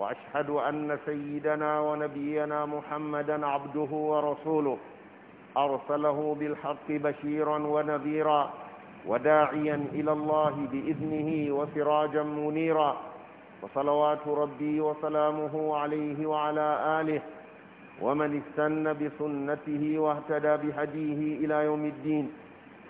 واشهد ان سيدنا ونبينا محمدا عبده ورسوله ارسله بالحق بشيرا ونذيرا وداعيا الى الله باذنه وسراجا منيرا وصلوات ربي وسلامه عليه وعلى اله ومن استن بسنته واهتدى بهديه الى يوم الدين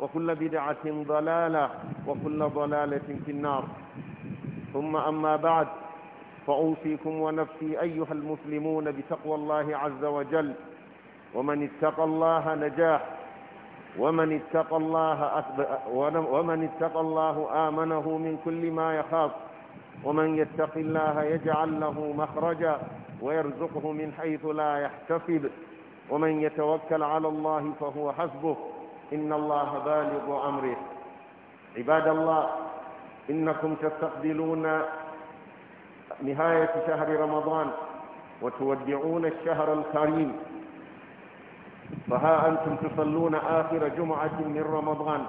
وكل بدعة ضلالة وكل ضلالة في النار ثم أما بعد فأوصيكم ونفسي أيها المسلمون بتقوى الله عز وجل ومن اتقى الله نجاح ومن اتقى الله أثب... ومن اتقى الله آمنه من كل ما يخاف ومن يتق الله يجعل له مخرجا ويرزقه من حيث لا يحتسب ومن يتوكل على الله فهو حسبه إن الله بالغ أمره عباد الله إنكم تستقبلون نهاية شهر رمضان وتودعون الشهر الكريم فها أنتم تصلون آخر جمعة من رمضان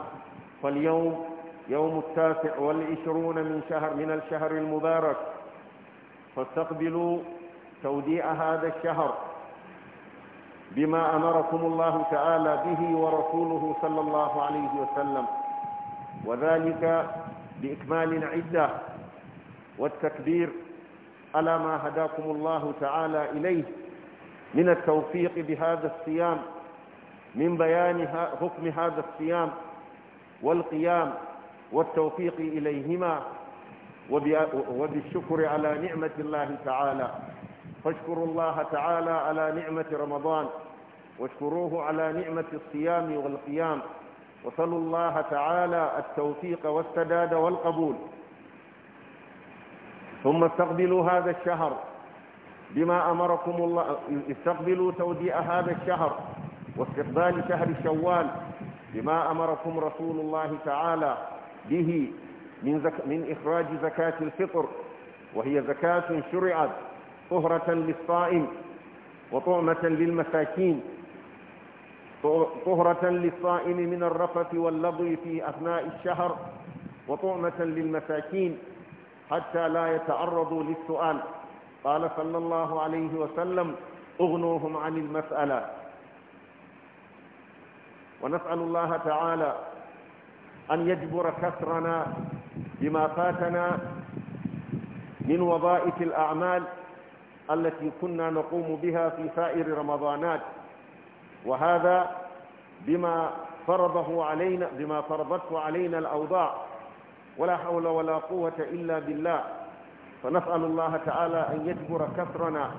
فاليوم يوم التاسع والعشرون من شهر من الشهر المبارك فاستقبلوا توديع هذا الشهر بما أمركم الله تعالى به ورسوله صلى الله عليه وسلم وذلك بإكمال العدة والتكبير على ما هداكم الله تعالى إليه من التوفيق بهذا الصيام من بيان حكم هذا الصيام والقيام والتوفيق إليهما وبالشكر على نعمة الله تعالى فاشكروا الله تعالى على نعمة رمضان واشكروه على نعمة الصيام والقيام وصلوا الله تعالى التوفيق والسداد والقبول ثم استقبلوا هذا الشهر بما أمركم الله استقبلوا توديع هذا الشهر واستقبال شهر شوال بما أمركم رسول الله تعالى به من, زك من إخراج زكاة الفطر وهي زكاة شرعت طهرة للصائم وطعمة للمساكين طهرة للصائم من الرفث واللضي في أثناء الشهر وطعمة للمساكين حتى لا يتعرضوا للسؤال قال صلى الله عليه وسلم اغنوهم عن المسألة ونسأل الله تعالى أن يجبر كسرنا بما فاتنا من وظائف الأعمال التي كنا نقوم بها في سائر رمضانات وهذا بما فرضه علينا بما فرضته علينا الأوضاع ولا حول ولا قوة إلا بالله فنسأل الله تعالى أن يجبر كثرنا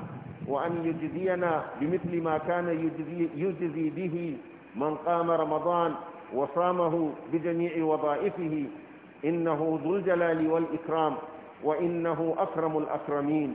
وأن يجزينا بمثل ما كان يجزي, يجزي به من قام رمضان وصامه بجميع وظائفه إنه ذو الجلال والإكرام وإنه أكرم الأكرمين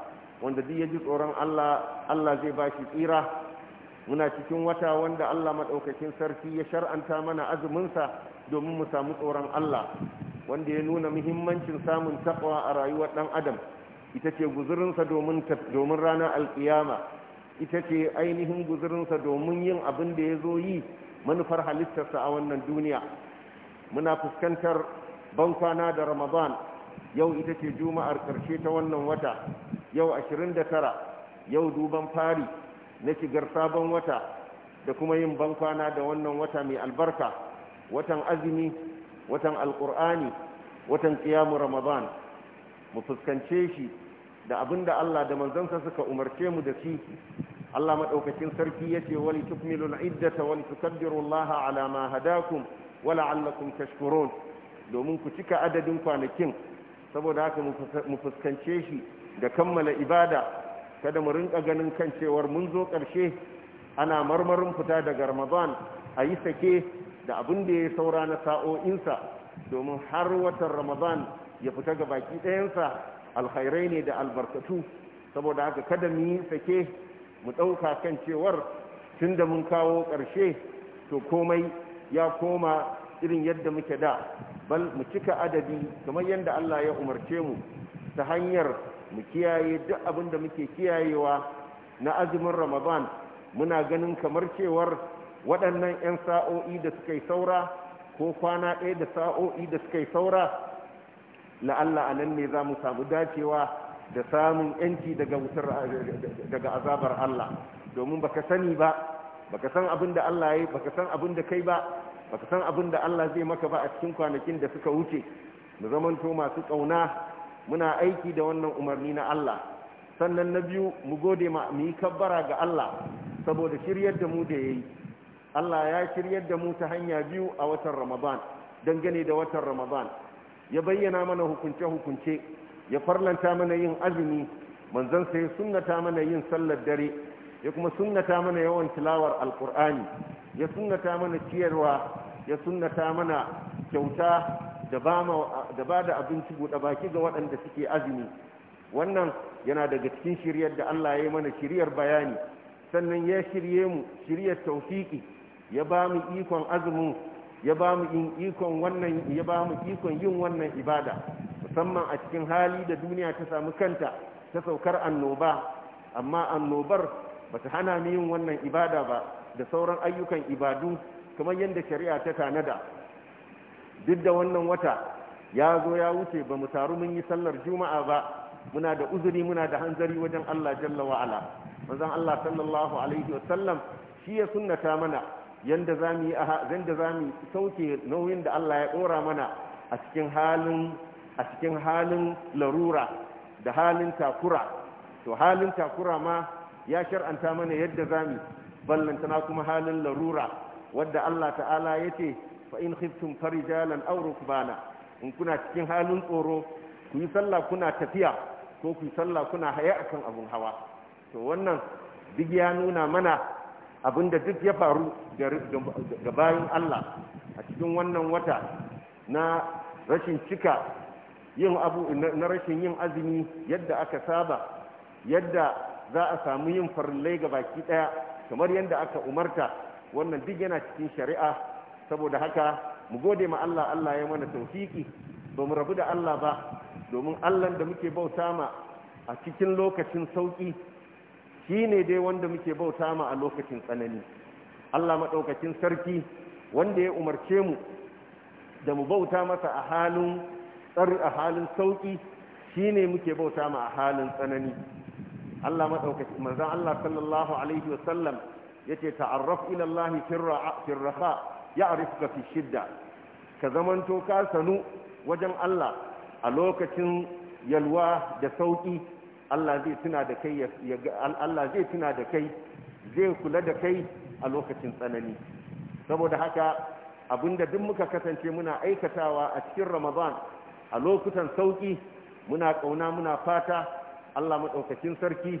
wanda duk ya ji tsoron Allah Allah zai ba shi tsira muna cikin wata wanda Allah maɗaukakin sarki ya shar'anta mana azuminsa domin mu samu tsoron Allah wanda ya nuna muhimmancin samun taɓawa a rayuwar ɗan adam ita ce guzurinsa domin ranar alƙiyama ita ce ainihin guzurinsa domin yin abin da ya zo yi manufar halittarsa a wannan duniya muna fuskantar bankwana da ramadan yau ita ce juma'ar ƙarshe ta wannan wata yau 29 yau duban fari na shigar sabon wata da kuma yin bankwana da wannan wata mai albarka watan azumi watan alkur'ani watan Tsiyamu ramadan mu fuskance shi da abinda Allah da manzansa suka umarce mu da shi Allah maɗaukacin sarki yace wali tukmilul iddata Wani tukabbirullaha ala ma hadakum wa tashkurun domin ku cika adadin kwanakin saboda haka mu fuskance shi da kammala ibada kada mu rinka ganin kan cewar mun zo ƙarshe ana marmarin fita daga ramadan a yi sake da abin da ya saura na sa'o'insa domin har watan ramadan ya fita ga baki ɗayansa alkhairai ne da albarkatu saboda haka kada mu yi sake mu ɗauka kan cewar tun da mun kawo ƙarshe to komai ya koma irin yadda muke da bal mu cika adadi kamar yadda allah ya umarce mu ta hanyar mu kiyaye duk abin da muke kiyayewa na azumin ramadan muna ganin kamar cewar waɗannan 'yan sa'o'i da suka yi saura ko kwana ɗaya da sa'o'i da suka yi saura la'alla a nan ne za mu samu dacewa da samun 'yanci daga azabar Allah domin baka sani ba baka san abin da Allah ya baka san abin da kai ba baka san abin da Allah zai maka ba a cikin kwanakin da suka wuce mu zamanto masu ƙauna muna aiki da wannan umarni na Allah sannan na biyu mu gode ma mu yi kabbara ga Allah saboda shiryar da mu da ya yi. Allah ya shiryar da mu ta hanya biyu a watan Ramadan dangane da watan Ramadan ya bayyana mana hukunce hukunce ya farlanta mana yin azumi manzon sai sunnata mana yin sallar dare ya kuma sunnata mana yawan tilawar Alkur'ani ya sunnata mana ciyarwa ya sunnata mana kyauta da ba da abinci buɗe baki ga waɗanda suke azumi wannan yana daga cikin shiryar da Allah ya yi mana shiryar bayani sannan ya shirye mu shiryar taufiki ya ba mu ikon azumin ya ba mu ikon wannan ya ba mu ikon yin wannan ibada musamman a cikin hali da duniya ta samu kanta ta saukar annoba amma annobar bata hana mu yin wannan ibada ba da sauran ayyukan ibadu kamar yadda shari'a ta tanada duk da wannan wata ya zo ya wuce ba mu taru mun yi sallar juma'a ba muna da uzuri muna da hanzari wajen Allah jalla wa ala manzon Allah sallallahu alaihi wa Sallam shi ya sunnata mana yanda zamu yi yanda zamu sauke nauyin da Allah ya dora mana a cikin halin a cikin halin larura da halin takura to halin takura ma ya shar'anta mana yadda zamu ballantana kuma halin larura wadda Allah ta'ala Ya ce. fa in khiftum farijalan aw rukbana in kuna cikin halin tsoro ku yi sallah kuna tafiya ko ku yi sallah kuna haya akan abun hawa to wannan duk ya nuna mana abinda duk ya faru ga bayan Allah a cikin wannan wata na rashin cika yin abu na rashin yin azumi yadda aka saba yadda za a samu yin farillai ga baki daya kamar yadda aka umarta wannan duk yana cikin shari'a saboda haka mu gode ma Allah Allah ya mana tawfiki ba mu rabu da Allah ba domin Allah da muke bauta ma a cikin lokacin sauki shine dai wanda muke bauta ma a lokacin tsanani Allah madaukakin sarki wanda ya umarce mu da mu bauta masa a halin tsari a halin sauki shine muke bauta ma a halin tsanani Allah madaukaki manzon Allah sallallahu alaihi wasallam yace ta'arraf ila Allah fi raha Ya ya'rifuka fi shidda ka zamanto ka sanu wajen Allah a lokacin yalwa da sauki Allah zai tuna da kai Allah zai tuna da kai kula da kai a lokacin tsanani saboda haka abinda duk muka kasance muna aikatawa a cikin Ramadan a lokutan sauki muna kauna muna fata Allah madaukakin sarki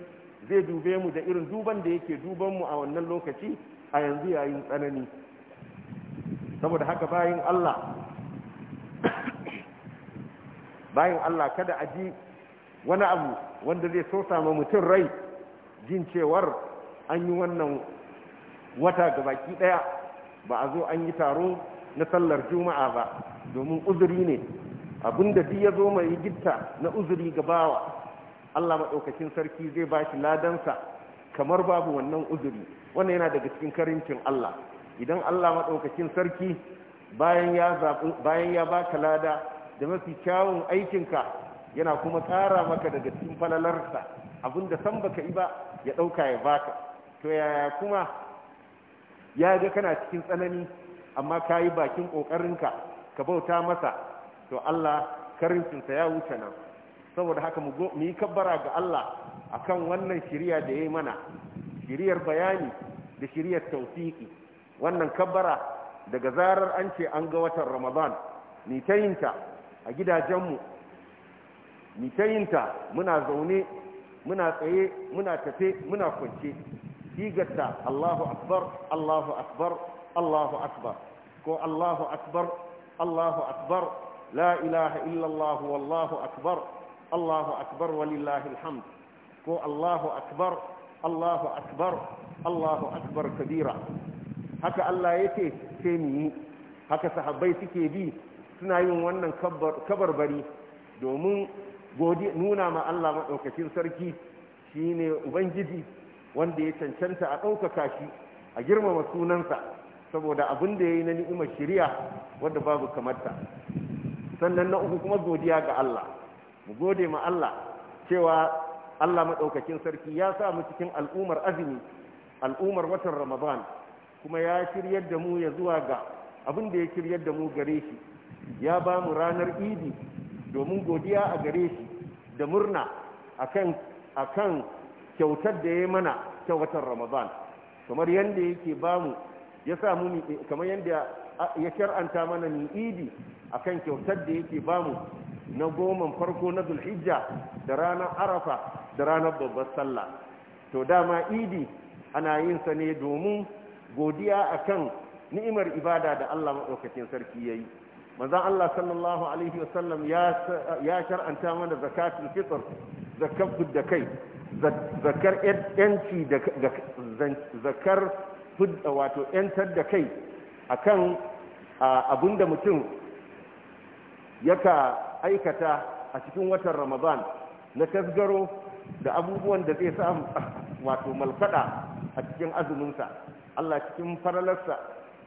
zai dube mu da irin duban da yake duban mu a wannan lokaci a yanzu yayin tsanani saboda haka bayin Allah bayin Allah kada a ji wani abu wanda zai so sama mutum rai jin cewar an yi wannan wata ga baki daya ba a zo an yi taro na sallar juma'a ba domin uzuri ne abinda duk ya zo mai gitta na uzuri ga bawa Allah maɗaukakin sarki zai ba shi ladansa kamar babu wannan uzuri wannan yana daga cikin karincin Allah idan Allah maɗaukacin sarki bayan ya baka lada da mafi kyawun aikinka yana kuma tara maka daga cikin falalarsa abinda san baka yi ba ya ɗauka ya baka to yaya kuma ya ga kana cikin tsanani amma ka yi bakin ƙoƙarinka ka bauta masa to Allah karincinsa ya wuce nan saboda haka mu yi kabbara ga Allah akan wannan shirya da ya yi mana shiryar bayani da shiryar tausiki wannan kabbara daga zarar an ce an ga watan ramadan ni ta yinta a gidajenmu ni ta yinta muna zaune muna tsaye muna tafe muna kwance sigarta allahu akbar allahu akbar allahu akbar ko allahu akbar allahu akbar la ilaha illallah wallahu akbar allahu akbar walillahi alhamd ko allahu akbar allahu akbar allahu akbar kabira haka Allah ya ce sai mu yi haka sahabbai suke bi suna yin wannan kabarbari domin nuna ma Allah maɗaukacin sarki shi ne ubangiji wanda ya cancanta a ɗaukaka shi a girmama sunansa saboda abin da ya yi na ni'imar shiriya wadda babu kamarta sannan na uku kuma godiya ga Allah mu gode ma Allah cewa Allah maɗaukacin sarki ya sa mu cikin al'umar azumi al'umar watan ramadan kuma ya shiryar da mu ya zuwa ga abin da ya shiryar da mu gare shi ya ba mu ranar idi domin godiya a gare shi da murna a kan kyautar da ya mana ta watan ramadan kamar yadda yake ba mu ya samu kamar yadda ya shar'anta mana ni idi a kan kyautar da yake ba mu na goman farko na zulhijja da ranar arafa da ranar babbar sallah to dama idi ana yin sa ne domin godiya a kan ni'imar ibada da Allah maɗaukacin sarki ya yi manzan Allah sallallahu alaihi wasallam ya shar'anta mana zakatun fitar zakar da kai zakar yanci da zakar wato yantar da kai akan abin da mutum yaka aikata a cikin watan ramadan na tasgaro da abubuwan da zai samu wato malfada a cikin azuminsa Allah cikin faralarsa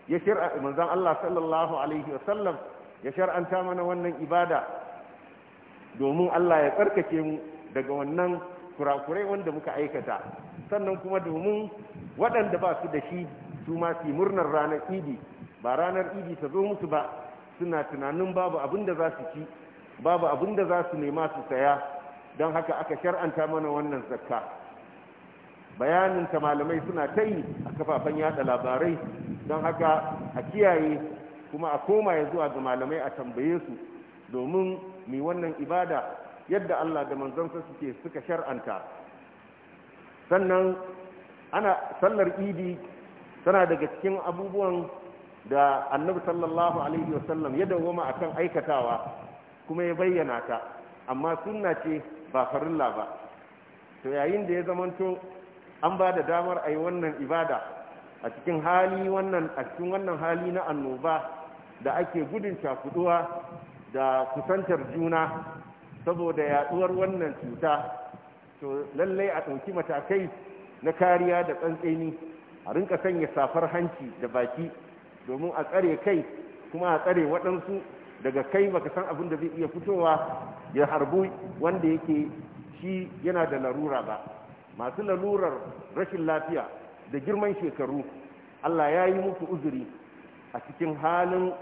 ya shir'a manzon Allah sallallahu alaihi wasallam ya shar'anta mana wannan ibada domin Allah ya tsarkake mu daga wannan kurakurai wanda muka aikata sannan kuma domin waɗanda ba su da shi su ma su murnar ranar idi ba ranar idi ta zo musu ba suna tunanin babu abin da za su ci babu abin da za su nema su saya don haka aka shar'anta mana wannan zakka bayanin ta malamai suna ta yi a kafafen yada labarai don haka a kiyaye kuma a koma ya zuwa ga malamai a tambaye su domin mai wannan ibada yadda Allah da manzansa suke suka shar'anta sannan ana sallar idi tana daga cikin abubuwan da annabi sallallahu alaihi wasallam ya dawoma akan aikatawa kuma ya bayyana ta amma sunna ce ba farilla ba to yayin da ya zamanto an ba da damar a yi wannan ibada a cikin hali wannan a cikin wannan hali na annoba da ake gudun cakuduwa da kusantar juna saboda yaduwar wannan cuta to lallai a ɗauki matakai na kariya da tsantseni a rinka sanya safar hanci da baki domin a tsare kai kuma a tsare waɗansu daga kai baka san abin da zai iya fitowa ya harbu wanda yake shi yana da larura ba masu lalurar rashin lafiya da girman shekaru Allah ya yi musu uzuri a cikin halin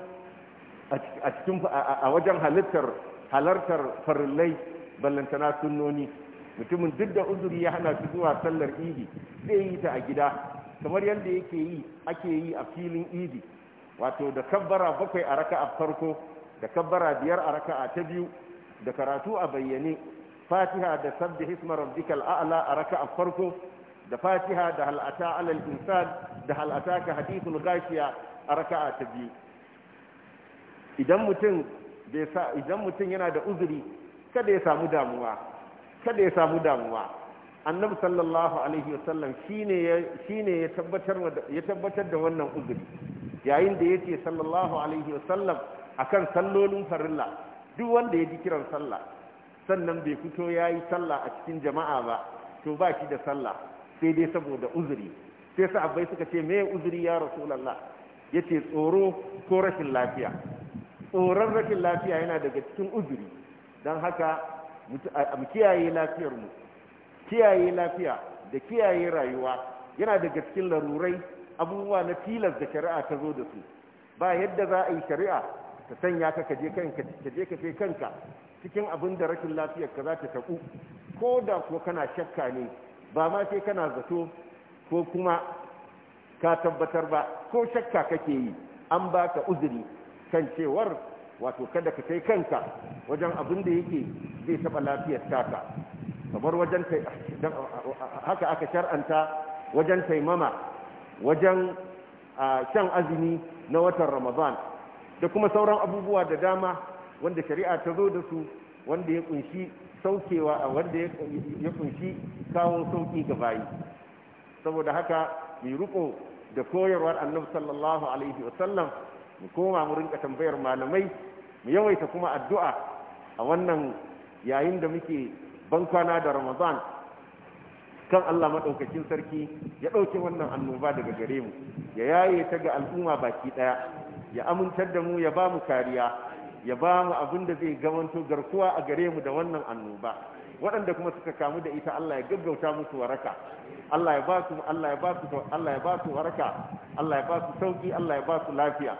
a cikin a wajen halittar halartar farillai ballantana sunnoni mutumin duk da uzuri ya hana su zuwa sallar idi zai yi ta a gida kamar yadda yake yi ake yi a filin idi wato da kabbara bakwai a raka'a farko da kabbara biyar a raka'a ta biyu da karatu a bayyane fatiha da sabbi hisma rabbikal a'la a raka'a farko da fatiha da hal'ata alal insan da hal'ata ka hadithul gashiya a ta biyu idan mutum أذري yana da uzuri kada ya samu damuwa annabi sallallahu alaihi wasallam shine shine ya tabbatar ya tabbatar da wannan uzuri yayin da yake sallallahu alaihi sallam akan sallolin farilla duk wanda ya ji kiran sallah sannan bai fito ya yi sallah a cikin jama'a ba to ba shi da sallah sai dai saboda uzuri sai sa abai suka ce me uzuri ya rasulallah ya ce tsoro ko rashin lafiya tsoron rashin lafiya yana daga cikin uzuri don haka mu kiyaye lafiyarmu kiyaye lafiya da kiyaye rayuwa yana daga cikin larurai abubuwa na tilas da shari'a ta zo da su ba yadda za a yi shari'a ta sanya ka kaje kanka kaje ka kanka cikin abin da rashin lafiyar ka za ta taɓu ko da kuwa kana shakka ne ba ma sai kana zato ko kuma ka tabbatar ba ko shakka kake yi an ba ka uzuri kan cewar wato kada ka kai kanka wajen abin da yake zai taɓa lafiyar taka kamar wajen haka aka shar'anta wajen taimama wajen shan azumi na watan ramadan da kuma sauran abubuwa da dama wanda shari'a ta zo da su wanda ya kunshi saukewa a wanda ya kunshi kawo sauki ga bayi saboda haka mu riko da koyarwar annabi sallallahu alaihi wasallam mu koma mu rinka tambayar malamai mu yawaita kuma addu'a a wannan yayin da muke bankwana da ramadan kan Allah maɗaukakin sarki ya ɗauke wannan annoba daga gare mu ya yaye ta ga al'umma baki ɗaya ya amintar da mu ya ba mu kariya ya ba mu abin da zai gamanto garkuwa a gare mu da wannan annoba waɗanda kuma suka kamu da ita Allah ya gaggauta musu waraka Allah ya ba su Allah ya ba su Allah ya ba su waraka Allah ya ba su sauki Allah ya ba su lafiya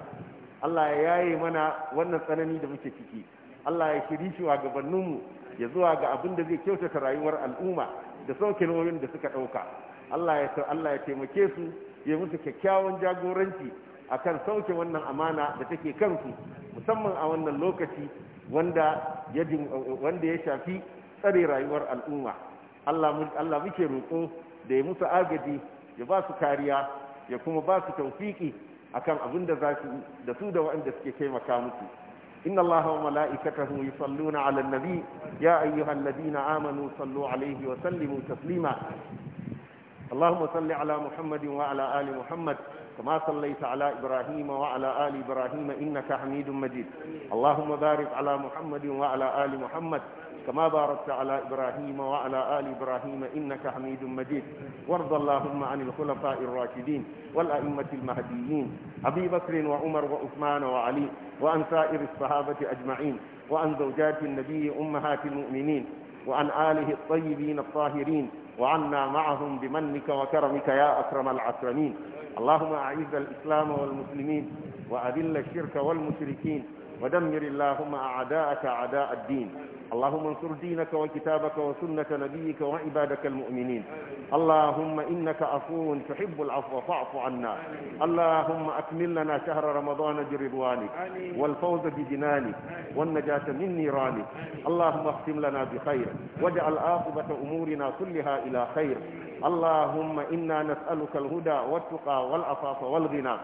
Allah ya yaye mana wannan tsanani da muke ciki Allah ya shiri shi wa mu ya zuwa ga abin da zai kyautata rayuwar al'umma da sauke nauyin da suka ɗauka Allah ya Allah ya taimake su ya musu kyakkyawan jagoranci akan sauke wannan amana da take kansu musamman a wannan lokaci wanda ya wanda ya shafi tsare rayuwar al'umma Allah Allah muke roƙo da ya musu agaji ya ba su kariya ya kuma ba su tawfiki akan abin da za su da su da waɗanda suke taimaka musu إن الله وملائكته يصلون على النبي يا أيها الذين آمنوا صلوا عليه وسلموا تسليما اللهم صل على محمد وعلى آل محمد كما صليت على إبراهيم وعلى آل إبراهيم إنك حميد مجيد اللهم بارك على محمد وعلى آل محمد كما باركت على إبراهيم وعلى آل إبراهيم إنك حميد مجيد وارض اللهم عن الخلفاء الراشدين والأئمة المهديين أبي بكر وعمر وعثمان وعلي وأن سائر الصحابة أجمعين وأن زوجات النبي أمهات المؤمنين وعن آله الطيبين الطاهرين وعنا معهم بمنك وكرمك يا أكرم العكرمين اللهم أعز الإسلام والمسلمين وأذل الشرك والمشركين ودمر اللهم أعداءك أعداء الدين اللهم انصر دينك وكتابك وسنة نبيك وعبادك المؤمنين اللهم إنك عفو تحب العفو فاعف عنا اللهم أكمل لنا شهر رمضان برضوانك والفوز بجنانك والنجاة من نيرانك اللهم اختم لنا بخير واجعل عاقبة أمورنا كلها إلى خير اللهم إنا نسألك الهدى والتقى والعفاف والغنى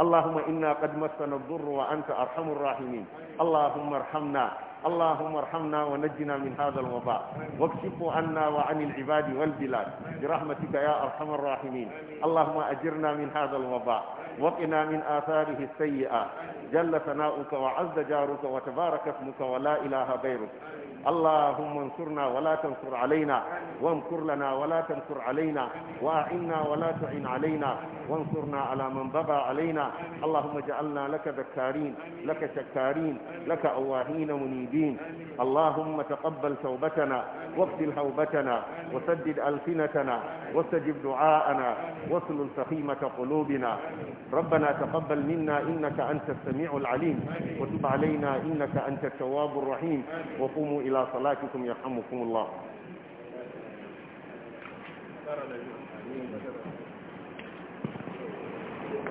اللهم إنا قد مسنا الضر وأنت أرحم الراحمين اللهم ارحمنا اللهم ارحمنا ونجنا من هذا الوباء واكشف عنا وعن العباد والبلاد برحمتك يا أرحم الراحمين اللهم أجرنا من هذا الوباء وقنا من آثاره السيئة جل ثناؤك وعز جارك وتبارك اسمك ولا إله غيرك اللهم انصرنا ولا تنصر علينا وامكر لنا ولا تنصر علينا واعنا ولا تعن علينا وانصرنا على من بغى علينا اللهم اجعلنا لك ذكارين لك شكارين لك أواهين منيبين اللهم تقبل توبتنا واغسل هوبتنا وسدد ألسنتنا واستجب دعاءنا واسلل سخيمة قلوبنا ربنا تقبل منا إنك أنت السميع العليم وتب علينا إنك أنت التواب الرحيم وقوموا إلى صلاتكم يرحمكم الله